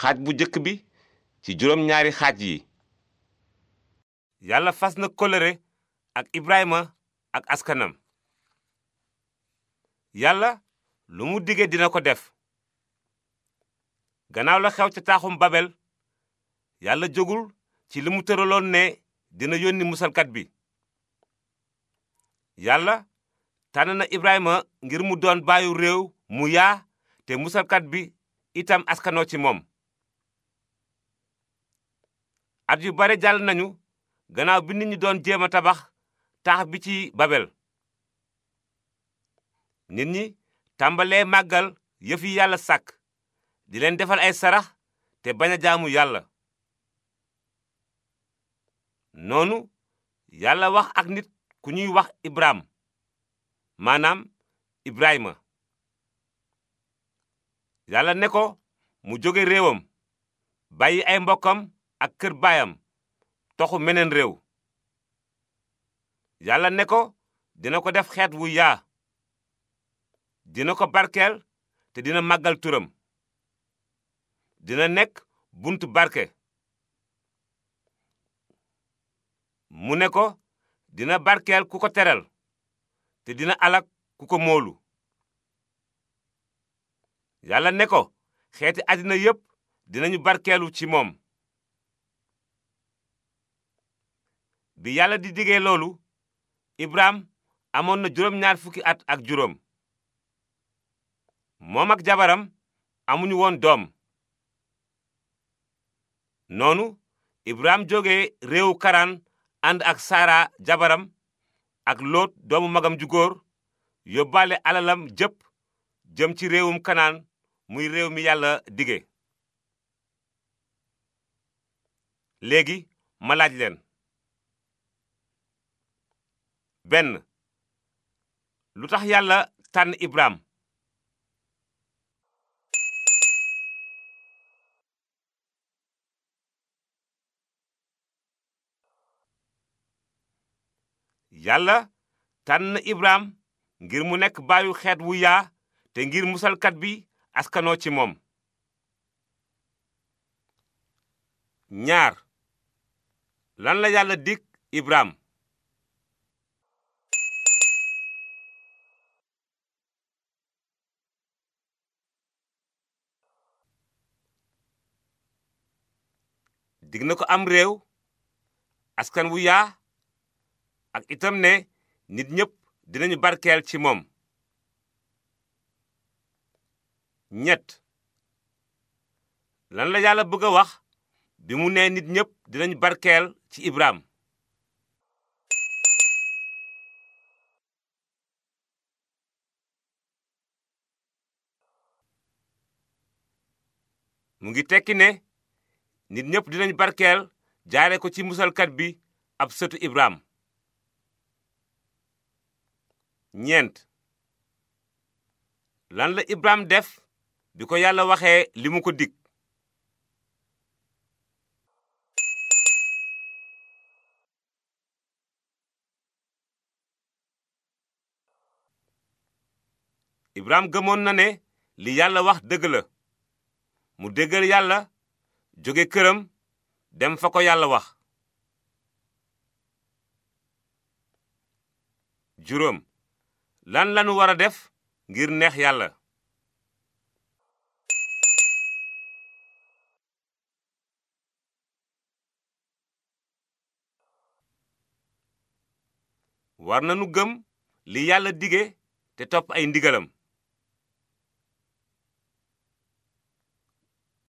xaaj bu jëkk bi ci juróom xaaj yi yàlla fas na kóllëre ak Ibrahima ak askanam yàlla lu mu dige dina ko def gannaaw la xew ca taaxum babel yàlla jógul ci li mu tëraloon ne dina yónni musalkat bi yàlla tànn na ibrahima ngir mu doon baayu réew mu yaa te musalkat bi itam askanoo ci moom at yu bare jàll nañu ganaaw bi nit ñi doon jéem a tabax taax bi ci babel nit ñi tàmbalee màggal yëf yi yàlla sàkk di leen defal ay sarax te bañ a jaamu yàlla noonu yàlla wax ak nit ku ñuy wax ibraam maanaam ibrahima yàlla ne ko mu jóge réewam bàyyi ay mbokkam ak kër baayam toxu meneen réew yàlla ne ko dina ko def xeet wu yaa dina ko barkeel te dina màggal turam dina nekk bunt barke mu ne ko dina barkeel ku ko teral te dina alak ku ko moolu yàlla ne ko xeeti àddina yépp dinañu barkeelu ci moom bi yàlla di digee loolu ibraam amoon na juróom ñaar fukki at ak juróom moom ak jabaram amuñu woon doom noonu ibraam jóge réewu karaan ànd ak saara jabaram ak loot doomu magam ju góor yóbbaale alalam jëpp jëm ci réewum kanaan muy réew mi yàlla dige léegi ma leen benn lu tax yàlla tànn ibraam yàlla tànn Ibrahim ngir mu nekk baayu xeet wu yaa te ngir musalkat bi askanoo ci moom ñaar lan la yàlla dikk ibraam digg na ko am réew askan wu yaa ak itam ne nit ñépp dinañu barkeel ci moom ñett lan la yàlla bëgg a wax bi mu nee nit ñépp dinañ barkeel ci Ibrahim mu ngi tekki ne nit ñépp dinañ barkeel jaare ko ci musalkat bi ab sëtu ibraam ñeent lan la ibraam def bi ko yàlla waxee li mu ko dig ibrahim gëmoon na ne li yàlla wax dëgg la mu déggal yàlla jóge këram dem fa ko yàlla wax juróom lan lanu war a def ngir neex yàlla war nanu gëm li yàlla dige te topp ay ndigalam